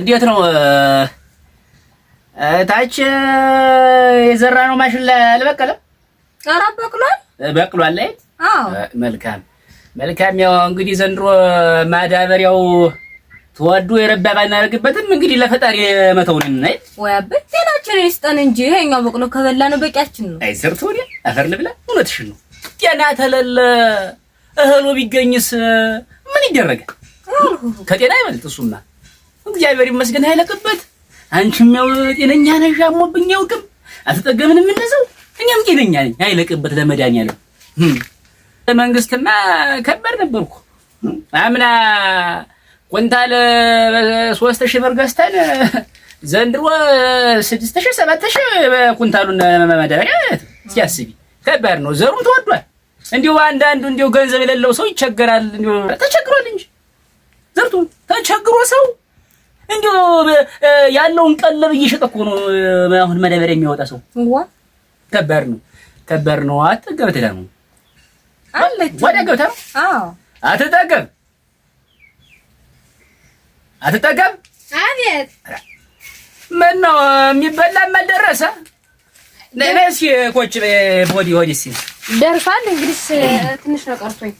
እንዴት ነው ታች የዘራ ነው ማሽን አልበቀለም? ኧረ በቅሏል፣ በቅሏል። ላይ መልካም መልካም። ያው እንግዲህ ዘንድሮ ማዳበሪያው ተወዱ የረባ ባናደርግበትም እንግዲህ ለፈጣሪ መተውልን ነው ወይ አበት ጤናችን ይስጠን እንጂ ይሄኛው በቅሎ ከበላ ነው በቂያችን ነው። አይ ዘርቶ ወዲያ አፈር ልብላ። እውነትሽን ነው። ጤና ተለለ እህሉ ቢገኝስ ምን ይደረጋል? ከጤና ይበልጥ እሱማ እግዚአብሔር ይመስገን አይለቅበት። አንቺም ያው ጤነኛ ነሽ፣ አሞብኝ ያውቅም አልተጠገብንም እንደዚያው። እኛም ጤነኛ ነኝ አይለቅበት። ለመድኃኒዓለም መንግስትማ ከባድ ነበርኩ። አምና ኮንታል ሶስት ሺህ ብር ገዝተን ዘንድሮ ስድስት ሺህ ሰባት ሺህ ኩንታሉን ማዳበሪያ ሲያስቢ ከባድ ነው። ዘሩም ተወዷል። እንዲሁ አንዳንዱ እንዲሁ ገንዘብ የሌለው ሰው ይቸገራል። እንዲሁ ተቸግሯል እንጂ ዘርቱ ተቸግሮ ሰው እንዲ ያለውን ቀለብ እየሸጠ እኮ ነው አሁን መደበር የሚወጣ ሰው። ከባድ ነው፣ ከባድ ነው። አትጠገብ ትዳ ነው ወደ ገብታ ነው አትጠገብ፣ አትጠገብ። አቤት ምን ምነው የሚበላም አልደረሰ? ለኔስ ኮች ቦዲ ሆዲስ ደርሷል። እንግዲህ ትንሽ ነው ቀርቶኝ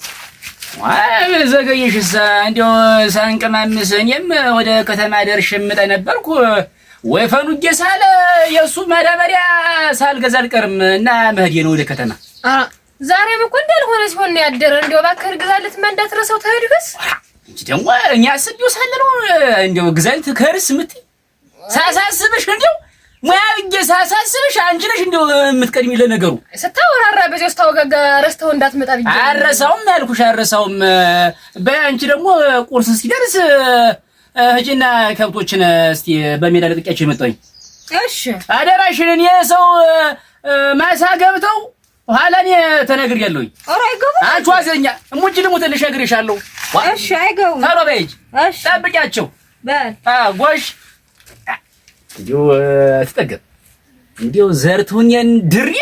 ዘገየሽሳ እንዲያው ሳንቀማምስ እኔም ወደ ከተማ ደርሼ እምጠ ነበርኩ ወይ ፈኑጌ ሳለ የእሱ ማዳበሪያ ሳልገዛ አልቀርም እና መሄዴ ነው ወደ ከተማ። ዛሬም እኮ እንዳልሆነ ሲሆን ነው ያደረ። እንዲያው እባክህ ግዛልትማ እንዳትረሳው ተሄድክስ እንጂ ደግሞ እኛ ስዲው ሳለ ነው እንዲያው ግዛልት ከርስ ምት ሳሳስብሽ እንዲያው ሙያ ብጌ ሳሳ አንቺ ነሽ እንደው የምትቀድሚ ለነገሩ ስታወራራ በዚህ ስታወጋ ረስተው እንዳትመጣ ብዬ አረሳውም ያልኩሽ አረሳውም። በአንቺ ደግሞ ቁርስ ሲደርስ ህጅና ከብቶችን እስቲ በሜዳ ለቅቄያቸው የመጣሁኝ። እሺ አደራሽን እኔ ሰው ማሳ ገብተው ኋላ እኔ ተነግሬያለሁኝ። ኧረ አይገቡም። አንቺ ዋዘኛ እሙጂ ደግሞ ትንሽ እሺ አይገቡም። ታሮ በይጅ ጠብቂያቸው። በል ጎሽ እንዲሁ ትጠገብ እንዲው ዘርቱን ድሬ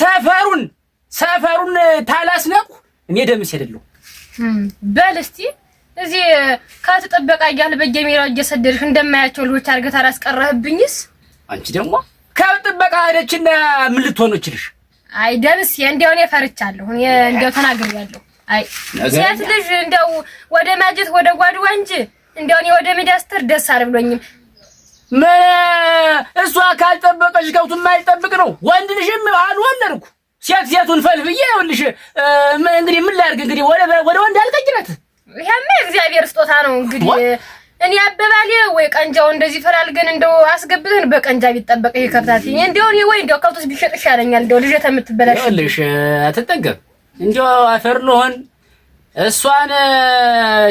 ሰፈሩን ሰፈሩን ታላስነቁ እኔ ደምስ አይደለሁ በል እስቲ እዚህ ከተጠበቃ እያልህ በየሜራው እየሰደድሽ እንደማያቸው ልጆች አድርገህ አላስቀረህብኝስ? አንቺ ደግሞ ከጥበቃ ሄደችና ምን ልትሆን ይችልሽ? አይ ደምስ እንዲያው እኔ ፈርቻለሁ። እንዲያው ተናግሬያለሁ። አይ ሴት ልጅ እንዲያው ወደ ማጀት ወደ ጓድዋ ወንጅ እንዲያው እኔ ወደ ሚዳስተር ደስ አልብሎኝም። እሷ ካልጠበቀች ከብቱ የማይጠብቅ ነው። ወንድ ልጅም አልወለድኩ ሴት ሴቱን ፈልፍዬ ይኸውልሽ እንግዲህ ምን ላድርግ እንግዲህ ወደ ወንድ አልቀይረት። ይሄማ እግዚአብሔር ስጦታ ነው እንግዲህ እኔ አበባሌ ወይ ቀንጃው እንደዚህ ፈላልገን እንደው አስገብተን በቀንጃ ቢጠበቅ ይሄ ከብታት ይሄ እንደው እኔ ወይ እንደው ከብቶስ ቢሸጥ ይሻለኛል። እንደው ልጅ ተምትበላሽ ይኸውልሽ አትጠገብ እንደው አፈር ልሆን እሷን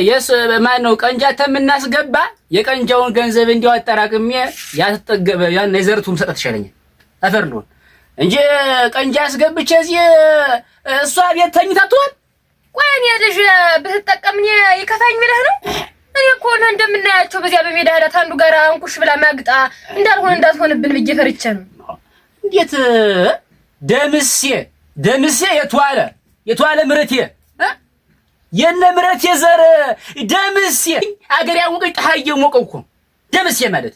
የስ ማን ነው ቀንጃታ የምናስገባ የቀንጃውን ገንዘብ እንዲያው አጠራቅሜ ያተጠገበ ያን የዘርቱም ሰጠት ይሻለኛል። ነው እንጂ ቀንጃ አስገብቼ እዚህ እሷ ቤት ተኝታ ትሆን? ቆይ እኔ ልጅ ብትጠቀም ይከፋኝ ብለህ ነው? እኔ እኮ ነው እንደምናያቸው በዚያ በሜዳ ዳት አንዱ ጋር አንኩሽ ብላ ማግጣ እንዳልሆነ እንዳትሆንብን ብዬ ፈርቼ ነው። እንዴት ደምሴ ደምሴ የቷለ የቷለ ምርቴ የነ ምረት የዘረ ደምስ አገር ያወቀች ፀሐይ የሞቀው እኮ ደምስ ማለት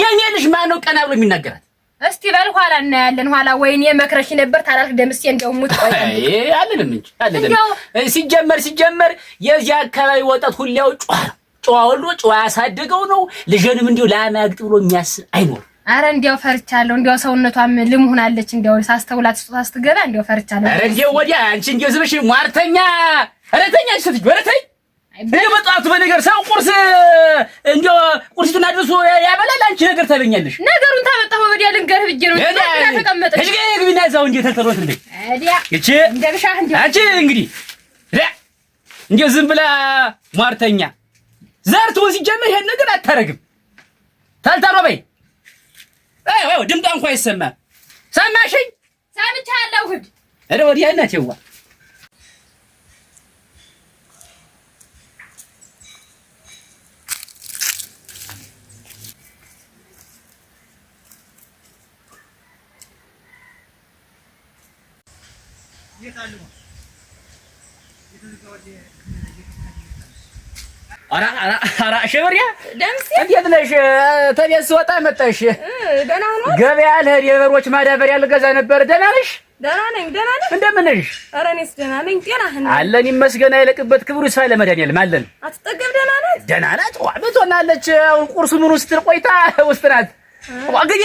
የኔ ልጅ ማን ነው ቀና ብሎ የሚናገራት? እስቲ በል ኋላ እናያለን። ኋላ ወይኔ መክረሽ ነበር ታላልክ ደምሴ እንደው ሙት አለንም እንጂ አለንም። ሲጀመር ሲጀመር የዚህ አካባቢ ወጣት ሁሌው ጨዋ ጨዋ ወሎ ጨዋ ያሳደገው ነው። ልጅንም እንዲሁ ላማግጥ ብሎ የሚያስብ አይኖርም። አረ እንዲያው ፈርቻለሁ። እንዲያው ሰውነቷም ልም ሆናለች። እንዲያው ሳስተውላት ስጦታ ስትገባ እንዲያው ፈርቻለሁ። አረ እንዲያው ወዲያ አንቺ እንዲያው ዝምሽ ሟርተኛ ኧረ ተኝ አንቺ ስትይ ኧረ ተኝ እንደው በነገር ሰው ቁርስ እንደው ቁርሲቱን አድርሶ ያበላል። አንቺ ነገር ታበኛለሽ። ነገሩን ታመጣሁ ወዲያ ልንገርህ ብዬሽ ነው። እንግዲህ እንደው ዝም ብላ ሟርተኛ ዘርት ሲጀምር ይሄን ነገር አታረግም። ታልታሮ በይ ድምጧ እንኳን ይሰማል። ሰማሽኝ? ሰምቻለሁ። ወዲያ እናቴዋ ሽብርያ እንዴት ነሽ? ገበያ ማዳበሪያ ልገዛ ነበር። ደህና ነሽ? ደህና ነኝ። ደህና ነሽ? እንደምን ነሽ? ኧረ እኔስ ደህና ነኝ። አለን ይመስገን። አይለቅበት ክብሩ ይስፋ ለመድኃኒዓለም አለን። አትጠገብ። ደህና ናት? ደህና ናት። አሁን ቁርሱ ምኑ ስትል ቆይታ ውስጥ ናት።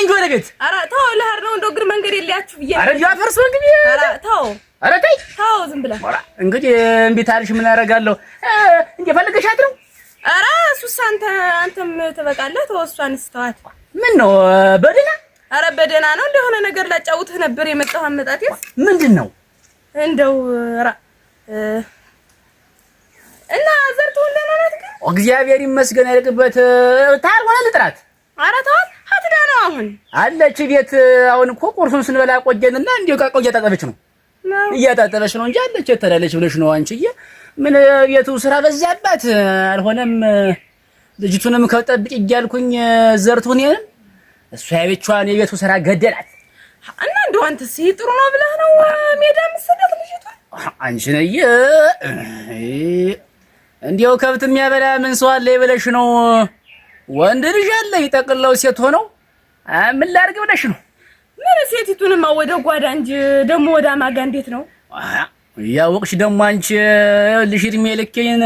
እንጂ ወደ ቤት። ኧረ ተው፣ ልሄድ ነው። እንደው እግር መንገድ የለያችሁ ብዬሽ። ኧረ እንግዲህ። ኧረ ተው ኧረ ተይ፣ ተው ዝም ብለህ እንግዲህ እምቢ ታልሽ ምን አደርጋለሁ? እንደ ፈልገሻት ነው ኧረ እሱስ አንተ አንተም ትበቃለህ። ተወው እሷን ስተዋት። ምን ነው በደህና ኧረ በደህና ነው። እንደሆነ ነገር ላጫውትህ ነበር የመጣሁ አመጣት ምንድን ነው እንደው ራ እና ዘርተው እንደናናት ግን እግዚአብሔር ይመስገን ያልቅበት ታል ሆነ ልጥራት ኧረ ተዋት። ሀትዳ ነው አሁን አለች ቤት። አሁን እኮ ቁርሱን ስንበላ ቆየንና እንዲሁ ቃቆ እያጣጠበች ነው እያጣጠበች ነው እንጂ አለች የተላለች ብለሽ ነው አንቺዬ ምን የቱ ስራ በዛባት አልሆነም። ልጅቱንም ከጠብቅ እያልኩኝ ዘርቱን የለም እሷ የብቻዋን የቤቱ ስራ ገደላት እና እንደው አንተስ ይሄ ጥሩ ነው ብለህ ነው ሜዳ መሰደት ልጅቷን አንቺ ነይ እንዲያው ከብት የሚያበላ ምን ሰው አለ ይበለሽ ነው ወንድ ልጅ አለ ይጠቅለው ሴት ሆነው ምን ላርግ ብለሽ ነው ምን ሴቲቱንማ ወደ ጓዳ እንጂ ደግሞ ወደ አማጋ እንዴት ነው ያወቅሽ ደግሞ አንቺ ልሽ እድሜ ልኬን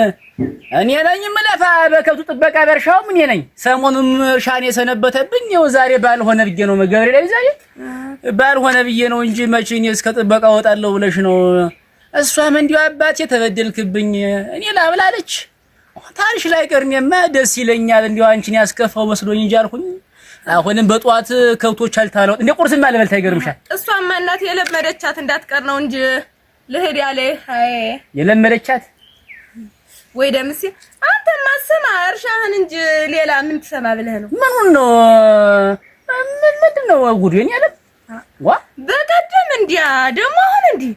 እኔ ነኝ የምለፋ በከብቱ ጥበቃ በርሻው እኔ ነኝ። ሰሞኑም እርሻን የሰነበተብኝ ይኸው ዛሬ ባልሆነ ብዬ ነው መገብሬ ላይ ዛ ባልሆነ ብዬ ነው እንጂ መቼ እኔ እስከ ጥበቃ ወጣለሁ ብለሽ ነው። እሷም እንዲሁ አባቴ ተበደልክብኝ እኔ ላብላለች ታሪሽ ላይ ቀርኔማ ደስ ይለኛል። እንዲሁ አንቺን ያስከፋው መስሎኝ እንጂ አልኩኝ። አሁንም በጠዋት ከብቶች አልታለው እንደ ቁርስ አልበልታ ይገርምሻል። እሷማ እናት የለመደቻት እንዳትቀር ነው እንጂ ልህድ ያለ የለመደቻት ወይ ደምሴ አንተማ ስማ እርሻህን እንጂ ሌላ ምን ትሰማ ብለህ ነው? ምኑን ነው ምን ምንድን ነው ጉዴን ያለ ዋ በቀደም እንዲያ ደግሞ አሁን እንዲህ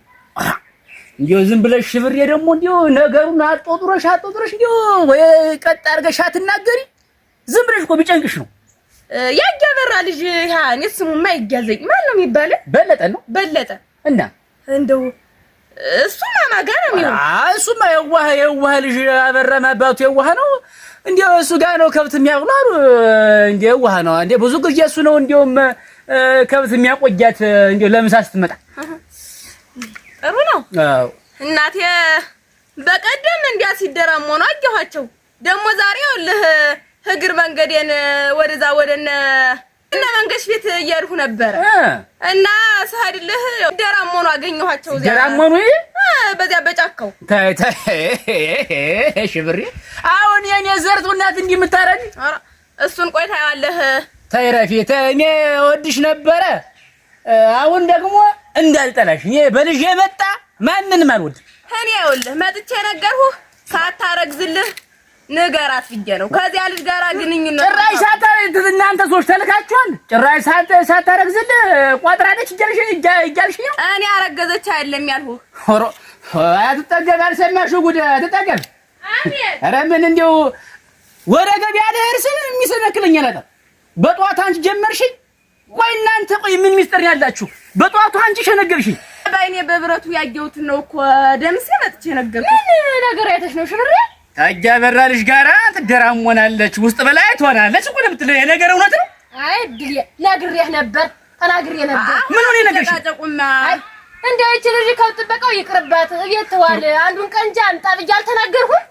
እንዲሁ ዝም ብለሽ ሽብሬ ደግሞ እንዲሁ ነገሩን አጦጥሮሽ አጦጥሮሽ እንዲሁ ወይ ቀጥ አድርገሽ አትናገሪ። ዝም ብለሽ እኮ ቢጨንቅሽ ነው ያጋበራ ልጅ ያ እኔ ስሙማ ይጋዘኝ ማን ነው የሚባለው? በለጠ ነው በለጠ እና እንደው እሱማ ማጋ ነው የሚሆን። እሱማ የዋህ የዋህ ልጅ አበራ ማባቱ የዋህ ነው። እንዲያው እሱ ጋር ነው ከብት የሚያውቅ ነው አሉ። እንዲያው የዋህ ነው። እንዲያው ብዙ ጊዜ እሱ ነው እንዲያውም ከብት የሚያቆያት እንዲያው ለምሳ ስትመጣ ጥሩ ነው። አዎ እናቴ በቀደም እንዲያ ሲደራም ሆኖ አየኋቸው። ደግሞ ዛሬ ይኸውልህ እግር መንገዴን ወደዛ ወደነ እና መንገሽ ቤት እያድኩ ነበረ እና ስሀድልህ ደራሞኑ አገኘኋቸው። ደራሞኑ በዚያ በጫካው ሽብሪ አሁን የኔ ዘርቱ እናት እንዲህ የምታረግ እሱን ቆይ ታየዋለህ። ተይ ረፊ እኔ ወድሽ ነበረ። አሁን ደግሞ እንዳልጠላሽ እኔ በልጅ የመጣ ማንንም አልወድም። እኔ ይኸውልህ መጥቼ ነገርሁህ ሳታረግዝልህ ንገራት ብዬ ነው። ከዚያ ልጅ ጋር ግንኙነት ጭራሽ ሳታ እናንተ ሶስት ተልካችኋል። ጭራሽ ሳታረግዝል ቋጥራለች እያልሽ ነው። እኔ አረገዘች አይደለም ያልሁ። ሆሮ አትጠገብ አልሰማሽው? ጉድ አትጠገብ። ኧረ ምን እንደው ወደ ገበያ ልሄድ ስል የሚሰነክለኝ አላጣም። በጠዋት አንቺ ጀመርሽኝ። ቆይ እናንተ ቆይ ምን ሚስጥር ያላችሁ? በጠዋቱ አንቺ ሸነገብሽኝ። በእኔ በብረቱ ያየሁትን ነው እኮ ደምሴ መጥቼ ነገርኩህ። ምን ነገር አይተሽ ነው ሽምሬ ታጃ በራልሽ ጋራ ትደራሞናለች ውስጥ በላይ ትሆናለች እኮ ነው የምትለው። የነገር እውነት ነው። አይ ድል ነግሬህ ነበር ተናግሬ ነበር። ምን ሆነ ነገር ታጠቁማ እንደው እቺ ልጅ ከጥበቃው ይቅርባት እቤት ትዋል አንዱን ቀንጃ እንጂ አምጣ ብዬሽ አልተናገርኩም።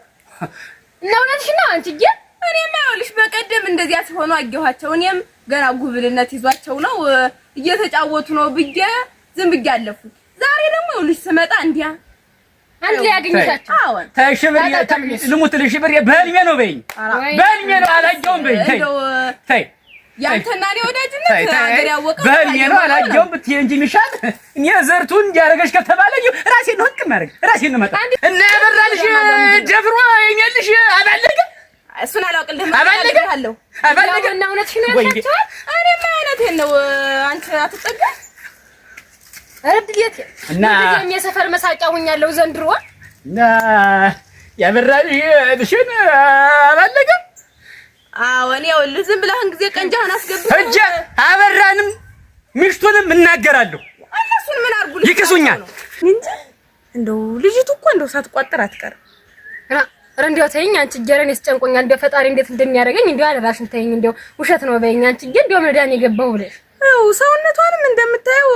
እና እውነትሽን ነው አንቺ እጄ እኔማ ይኸውልሽ በቀደም እንደዚያ ሲሆኑ አየኋቸው። እኔም ገና ጉብልነት ይዟቸው ነው እየተጫወቱ ነው ብዬ ዝም ብዬ አለፉ። ዛሬ ደግሞ ይኸውልሽ ስመጣ እንዲያ አንድ ላይ በህልሜ ነው በይኝ፣ በህልሜ ነው አላየሁም በይኝ። ተይ ተይ በህልሜ ነው አላየሁም ብትይ እንጂ የሚሻል እኔ ዘርቱን እንዲያደርገሽ ከተባለ ራሴን ነው ህግ ራሴን ነው መጣ እና ያበራልሽ ደፍሮ አባለገ እሱን አላውቅልህም። አባለገ አባለገ እና እውነትሽን እኔማ ነው አንቺ እና የሰፈር መሳቂያ ሁኛለሁ ዘንድሮ እና ዝም ጊዜ ቀንጃህን አስገብተህ እንጂ አበራንም ምሽቱንም እናገራለሁ። እነሱን ምን አድርጉልኝ ይክሱኛል እንጂ እንደው ልጅቱ እኮ እንደው ሳትቋጥር አትቀርም። ኧረ እንደው ተይኝ አንቺ ጀረን ያስጨንቆኛል። እንደው ፈጣሪ እንዴት እንደሚያደርገኝ እንደው አደራሽን ተይኝ። እንደው ውሸት ነው በይኝ አንቺ እንደው መዳን የገባው ብለሽ ያው ሰውነቷንም እንደምታየው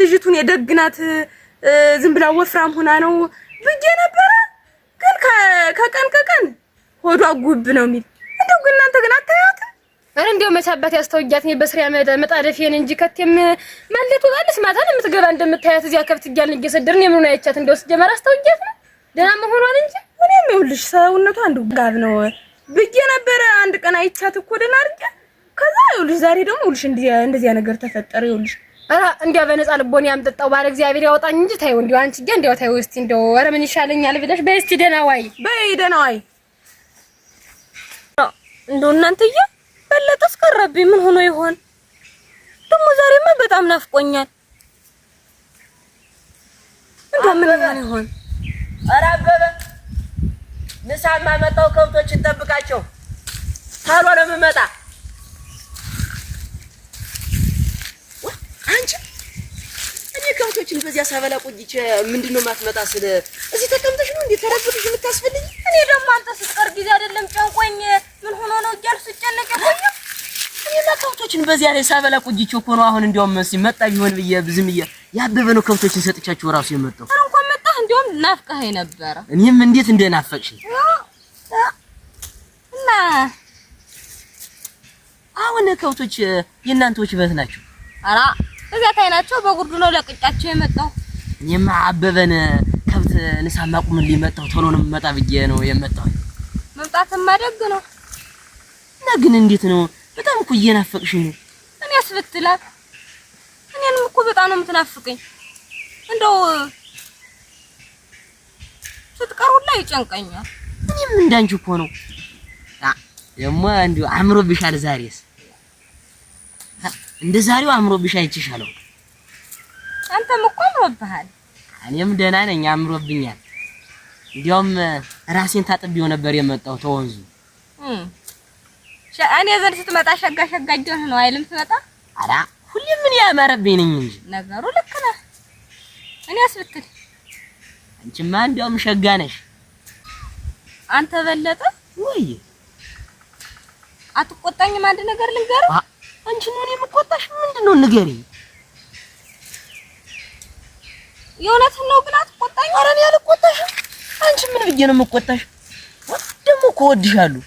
ልጅቱን የደግናት ዝም ብላ ወፍራም ሆና ነው ብዬ ነበረ። ግን ከቀን ከቀን ሆዷ ጉብ ነው የሚል እንደው ግን እናንተ ግን አታያትም? እኔ እንደው መቻባት ያስተውያት ነው በስሪያ መጣደፌን እንጂ ከቴም ማለቱ ባለስ ማታ የምትገባ እንደምታያት እዚያ ከብት እያልን እየሰደርን የምኑን አያቻት እንደው ስትጀመር አስተውያት ነው ደህና መሆኗን እንጂ እኔም ይኸውልሽ ሰውነቷ እንደው ጋብ ነው ብዬ ነበረ። አንድ ቀን አይቻት እኮ ደህና አድርጌ ከዛ ይኸውልሽ ዛሬ ደግሞ ይኸውልሽ እንደዚያ ነገር ተፈጠረ። ይኸውልሽ እንዲያ በነፃ ልቦን ያምጠጣው ባለ እግዚአብሔር ያወጣኝ እንጂ ታይው እንዲያው አንቺ ጋር እንዲያው ታይው እስቲ እንዲያው ኧረ ምን ይሻለኛል ብለሽ በይ እስቲ ደህና ዋይ በይ ደህና ዋይ። እንደው እናንተዬ በለጠስ ቀረብኝ። ምን ሆኖ ይሆን ደግሞ ዛሬማ በጣም ናፍቆኛል። እንደው ምን ሆኖ ይሆን? ኧረ አበበ ምሳ ማመጣው ከብቶች እንጠብቃቸው ታሎ ነው የምመጣ አንቺ እኔ ከብቶችን በዚያ ሳበላ ቆይቼ ምንድነው ነው የማትመጣ? ስለ እዚህ ተቀምጠሽ ነው እንዴ ተረብሽ የምታስፈልኝ? እኔ ደግሞ አንተ ስትቀር ጊዜ አይደለም ጨንቆኝ ምን ሆኖ ነው እያልኩ ስጨነቅ ቆየ። እኔማ ከብቶችን በዚያ ላይ ሳበላ ቆይቼ እኮ ነው አሁን እንዲያውም መጣ ቢሆን ብዬ ዝም ብዬ ያበበ ነው ከብቶችን ሰጥቻቸው እራሱ የመጣው እንኳን መጣህ። እንዲያውም ናፍቀኸኝ ነበረ። እኔም እንዴት እንደናፈቅሽ እና አሁን ከብቶች የእናንተ በት ናቸው። አራ እዛ ታይናቸው በጉርዱ ነው ለቅጫቸው የመጣው። እኔማ አበበን ከብት ንሳማ ቁምልኝ መጣሁ። ቶሎ ነው የምመጣ ብዬ ነው የመጣሁ። መምጣትማ ደግ ነው እና ግን እንዴት ነው? በጣም እኮ እየናፈቅሽ ነው። እኔ ያስብትላል። እኔንም እኮ በጣም ነው የምትናፍቅኝ። እንደው ስትቀሩላ ይጨንቀኛል። እኔም እንዳንቺ እኮ ነው ደግሞ እንዲሁ አምሮብሻል ዛሬስ እንደ ዛሬው አምሮብሽ አይቼሻለሁ። አንተም እኮ አምሮብሃል። እኔም ደህና ነኝ፣ አምሮብኛል። እንዲያውም ራሴን ታጥቤው ነበር የመጣው ተወንዙ። እኔ ዘንድ ስትመጣ ሸጋ ሸጋ እጆን ነው አይልም ትመጣ። ኧረ ሁሌ ምን ያማረብኝ ነኝ እንጂ ነገሩ ልክ ነህ። እኔ አስብትል አንቺማ እንዲያውም ሸጋ ነሽ። አንተ በለጠ ወይ አትቆጣኝም? አንድ ነገር ልንገርህ አንቺ ነው የምቆጣሽ? ምንድነው ንገሪ። ንገሪኝ። ነው ግን አትቆጣኝ። ኧረ እኔ አልቆጣሽም። አንቺ ምን ብዬሽ ነው የምቆጣሽ? ደግሞ እኮ እወድሻለሁ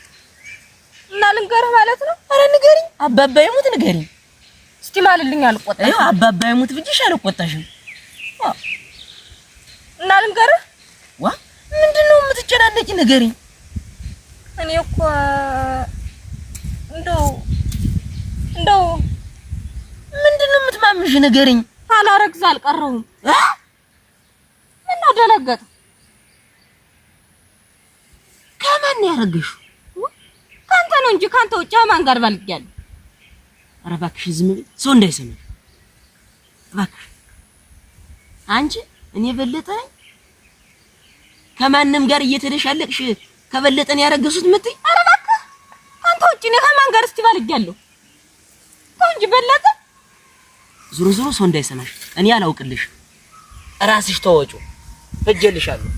እና ልንገርህ ማለት ነው። ኧረ ንገሪኝ። አባባ ይሙት ንገሪኝ እስቲ ማልልኝ። አልቆጣሽም። ይኸው አባባ ይሙት ብዬሽ አልቆጣሽም እና ልንገርህ። ዋ ምንድነው ነው የምትጨናነቂ? ንገሪኝ። እኔ እኮ እንደው እንደው ምንድነው የምትማምሽ? ንገሪኝ። አላረግዝ አልቀረሁም። ምነው ደነገጥ? ከማን ያረግሽ? ካንተ ነው እንጂ ካንተ ውጭ ማን ጋር ባልጋል? ኧረ እባክሽ ዝም በይ፣ ሰው እንዳይሰማ እባክሽ። አንቺ እኔ በለጠ ከማንም ጋር እየተደሻለቅሽ ከበለጠን ያረገሱት ምትይ? ኧረ እባክህ ከአንተ ውጭ እኔ ከማን ጋር እስቲ ባልጊያለሁ? እኮ እንጂ በለጠ። ዞሮ ዞሮ ሰው እንዳይሰማሽ እኔ አላውቅልሽ። ራስሽ ተወጪው እጀልሻለሁ።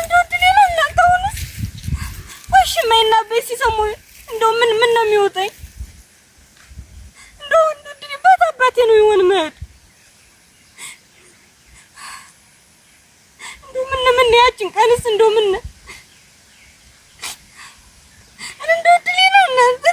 እንደው ድሌላ እናንተ ሆነስ ወሽ ማይና በይ ሲሰሙ እንደው ምን ምን ነው የሚወጣኝ? እንደው ድሌ ባታባቴ ነው ይሆን መሄድ ያችን ቀንስ እንደው ምን እንደው ድሌላ እናንተ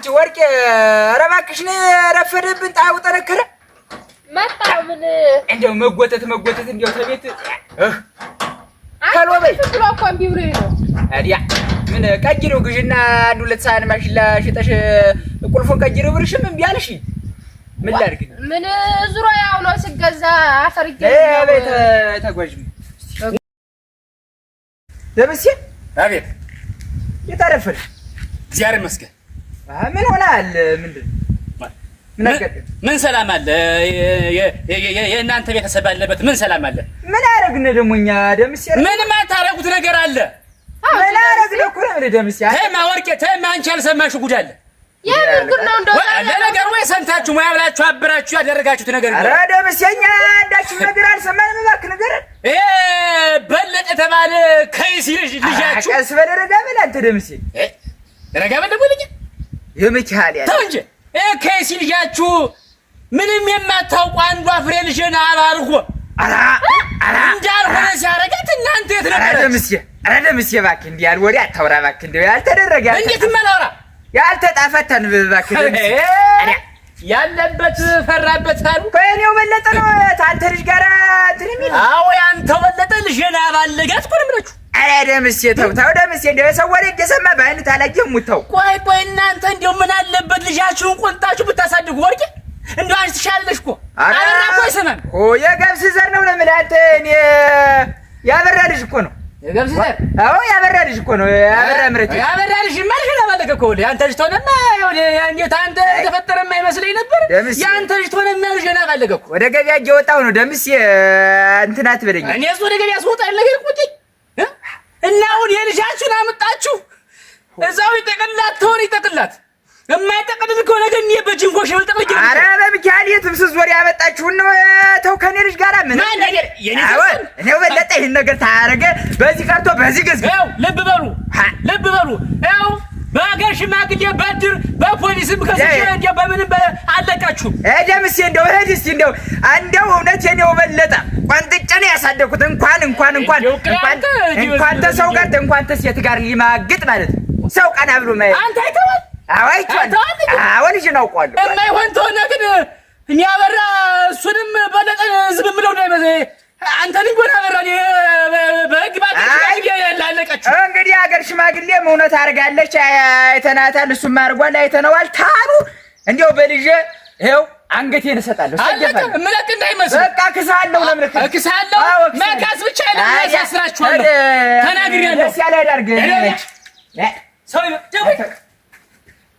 አንቺ ወርቄ፣ ኧረ እባክሽ ነይ። ረፈደብን፣ ጣው ጠነከረ። መጣው። ምን እንደው መጎተት መጎተት እንደው ተቤት ከሎ በይ ብሎ እኮ እምቢ ብሎ ነው። ታዲያ ምን ቀይሪው ግዢና አንድ ሁለት ሰሃን ማሽላ ሽጠሽ ቁልፉን ቀይሪው ብርሽም እምቢ አልሽ። ምን ላድርግ? ምን ዙሮ ያው ነው ስገዛ እህ ቤት ተጓዥም ደምሴ አቤት የታረፈልሽ እግዚአብሔር ይመስገን ምን ሆነሃል? ምንድን ምን ሰላም አለ? የእናንተ ቤተሰብ ያለበት ምን ሰላም አለ? ምን አደረግን ደግሞ እኛ? ደምሴ ምን ማታረጉት ነገር አለ? ምን አደረግን እኮ ነው። ደምሴ ተማ ወርቄ ተማ፣ አንቺ ያልሰማሽ ጉድ አለ። ለነገሩ ወይ ሰምታችሁ ሙያ ብላችሁ አብራችሁ ያደረጋችሁት ነገር ነው። ኧረ ደምሴ እኛ አንዳችሁ ነገር አልሰማንም። እባክህ ነገር ይሄ በለጠ ተባለ ከይሲ ልጅ ልጃችሁ ቀስ በል ረጋ በል አንተ ደምሴ፣ ረጋ በል ደግሞ ልኛ የመኪሃል ያለ ተው እንጂ ከሲ ልጃችሁ ምንም የማታውቁ አንዷ ፍሬ ልጅን አላልኩ እንዳልሆነ ሲያረጋት እናንተ የት ነበረች? ኧረ አረ ኧረ ደምሴ እባክህ እንዲህ ያል ወሬ አታውራ እባክህ። እንደው ያልተደረገ እንዴት መላውራ ያልተጣፈተ ንብብ እባክህ ያለበት ፈራበት አሉ ከኔው በለጠ ነው ታንተ ልጅ ጋራ ትንሚ አዎ፣ ያንተ በለጠ ልጅን አባለጋት እኮ ነው አረ ደምሴ ተው ተው ደምሴ እንደው የሰው ወሬ እንደሰማ በአይነት አላየህም? ተው ቆይ ቆይ እናንተ እንደው ምን አለበት ልጃችሁን ቆንጣችሁ ብታሳድጉ ወርቄ እንደው አንቺ ትሻለሽ እኮ አበራ እኮ ይስማል ኦ የገብስ ዘር ነው ለምን አንተ እኔ ያበራ ልጅ እኮ ነው የገብስ ዘር አዎ ያበራ ልጅ እኮ ነው ያበራ ምረት ያበራ ልጅ ማለት ነው እኮ ወለ አንተ ልጅ ተሆነማ ያው ያንተ አንተ የተፈጠረ የማይመስለኝ ነበር ያንተ ልጅ ተሆነማ ልጅ እና ባለገኩ ወደ ገበያ እየወጣሁ ነው ደምሴ እንትን አትበለኝ እኔ እሱ ወደ ገበያ ስወጣ ያለ ነገር ቁጭ እና አሁን የልጃችሁን አመጣችሁ እዛው ይጠቅላት ትሆን ይጠቅላት የማይጠቅልል ከሆነ ግን ይሄ በጅንጎሽ የምጠቅልኝ አረ በሚካኤል የትብስ ዞር ያመጣችሁን ተው ከኔ ልጅ ጋር ምን እኔው በለጠ ይህን ነገር ታያረገ በዚህ ቀርቶ በዚህ ግዝ ልብ በሉ ልብ በሉ ው በሀገር ሽማግሌ በድር በፖሊስም ከዚህ እንደ በምንም አለቃችሁም። ደምሴ እንደው እህድ እስቲ እንደው እንደው እውነቴን ነው በለጠ ቆንጥጬ ነው ያሳደኩት። እንኳን እንኳን እንኳን እንኳን ተሰው ጋር እንኳን ተሴት ጋር ሊማግጥ ማለት ሰው ቀና ብሎ ማየት አንተ አይተኸዋል? አዎ አይቼዋለሁ። አዎ ልጅን አውቀዋለሁ። የማይሆን ተሆነ ግን እኔ እሱንም በለጠን ህዝብ ምለው ነው አንተን ጎን አበራን በህግ ባላለቀችው እንግዲህ ሀገር ሽማግሌም እውነት አድርጋለች። አይተናታል፣ እሱም አድርጓል፣ አይተነዋል። ታሩ እንዲያው በልዤ ይኸው አንገቴን እሰጣለሁ። ምለክ እንዳይመስል በቃ ክስሃለሁ፣ ለምልክ ክስሃለሁ። መካስ ብቻ አይደለም ያሳስራችኋለሁ። ተናግሬያለሁ። ደስ ያለ ያዳርግ። ሰው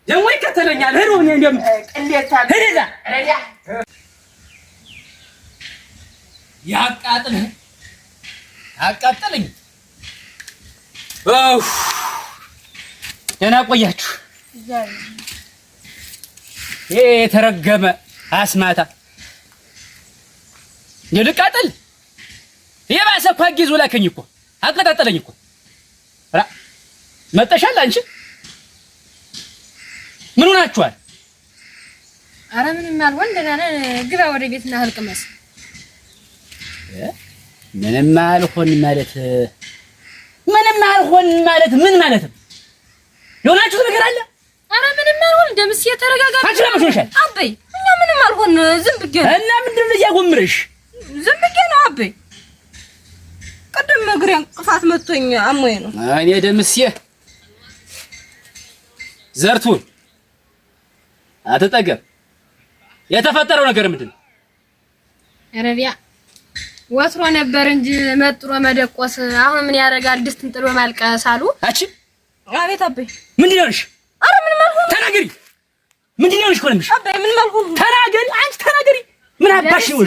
ደግሞ ይከተለኛል። እኔ እንደም ቅሌታ ሄዳ ያቃጥልህ አቃጠለኝ። ደህና ቆያችሁ። ይሄ የተረገመ አስማታ ልቃጠል። የባሰ እኮ አጊዙ ላከኝ እኮ አቀጣጠለኝ እኮ መጠሻል። አንቺ ምን ሆናችኋል? ኧረ ምንም አልሆን። ደህና ግባ ወደ ህልቅ መስል ምንም አልሆን ማለት ምንም አልሆን ማለት ምን ማለት ነው? የሆናችሁት ነገር አለ። ኧረ ምንም አልሆን ደምስ የተረጋጋ አንቺ ለምን ሆነሻል? አበይ እኛ ምንም አልሆን ዝም ብዬ ነው። እና ምንድን ነው እያጎምርሽ? ዝም ብዬ ነው አበይ። ቅድም እግሬ እንቅፋት መቶኝ አሞኝ ነው። እኔ ደምስ ዘርቱን አትጠገብ። የተፈጠረው ነገር ምንድን ነው? ኧረ ወትሮ ነበር እንጂ መጥሮ መደቆስ አሁን ምን ያደርጋል? ድስትን ጥሎ ማልቀስ አሉ። አቺ አቤት ምንድን ነው አረ ምን መልኩ ተናገሪ። ምንድን ነው ምን ተናገሪ። አንቺ ተናገሪ። ምን አባሽ ነው?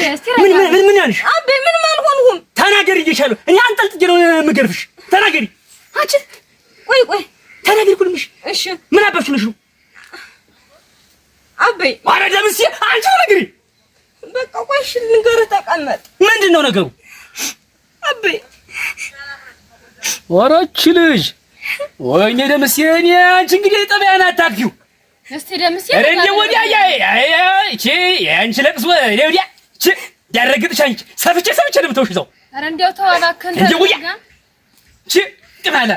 ምን ምን ምን ያልሽ? ምን ተናገሪ እየሻለሁ እኔ አንጠልጥጄ ነው የምገርፍሽ። ተናገሪ። አቺ ቆይ ቆይ ተናገሪ እሺ ምን አባሽ ነው? አቤ አረ ለምን ሲ አንቺ ተናገሪ በቃ ቆይ እሺ ልንገርህ፣ ተቀመጥ። ምንድን ነው ነገሩ? አቤ ወሮች ልጅ ወይኔ ደምሴ፣ እኔ አንቺ እንግዲህ ጠበያን አታግፊው። እስቲ ደምሴ ረንጀ ወዲያ ያ ያ እቺ አንቺ ለቅሶ ወዲያ እቺ ያረግጥሽ አንቺ ሰፍቼ ሰፍቼ ልብተውሽ እዛው ረንጀው ተዋላከን ረንጀ ወዲያ እቺ ጥባላ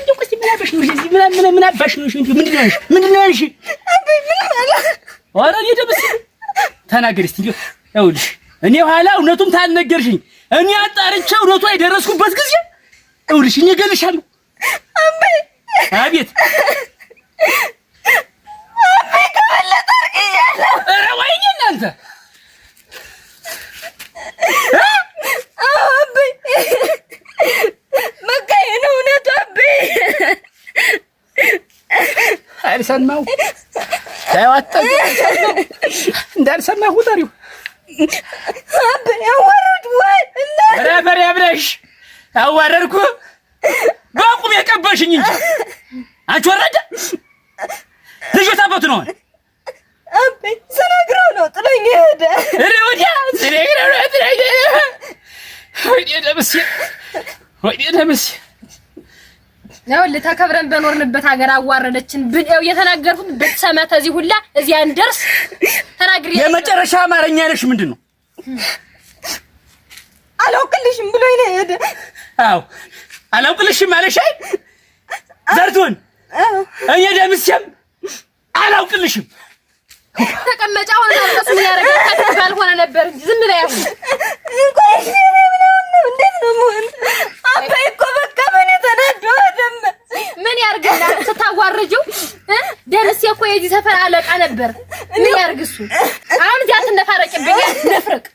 እንደው ቆይ ምን ነው? ምን ምን ምን አባሽ ነው? ምንድን ነው? ምንድን ነው? ምንድን ነው? ኧረ እኔ ደምሴ ተናገሪ እስቲ። ይኸውልሽ እኔ ኋላ እውነቱም ታልነገርሽኝ እኔ አጣርቼ እውነቱ የደረስኩበት ጊዜ ይኸውልሽ እኔ እገልሻለሁ። አባዬ አቤት አባዬ እናንተ በቃ እንዳልሰማ ቁጠሪው። በሬ ብለሽ አዋረድኩ። በቁም የቀበሽኝ እንጂ አንቺ ወረደ ልጅ ታቦት ነው። ስነግረው ነው ጥለኝ ሄደ። እኔ ስነግረው ነው ጥለኝ ሄደ። ደምሴ ወዲያ ደምሴ ነው ልተከብረን በኖርንበት ሀገር አዋረደችን። ብለው የተናገርኩት ብትሰማ እዚህ ሁላ እዚህ አንደርስ ተናግሪ። የመጨረሻ አማርኛ ነሽ ምንድን ነው? አላውቅልሽም ብሎ ይሄ ሄደ። አዎ አላውቅልሽም አለሽ። አይ ዘርቱን እኔ ደምስም አላውቅልሽም። ተቀመጫ ሆነ ተቀስ ምን ያረጋል? ተቀበል ሆነ ነበር ዝም ላይ ያልኩት እንዴት ነው ምን አባይ ምን ያርግና ስታዋርጂው ደርስ እኮ የዚህ ሰፈር አለቃ ነበር። ምን ያርግሱ? አሁን እዚህ አትነፋረቅብኝ፣ ንፍርቅ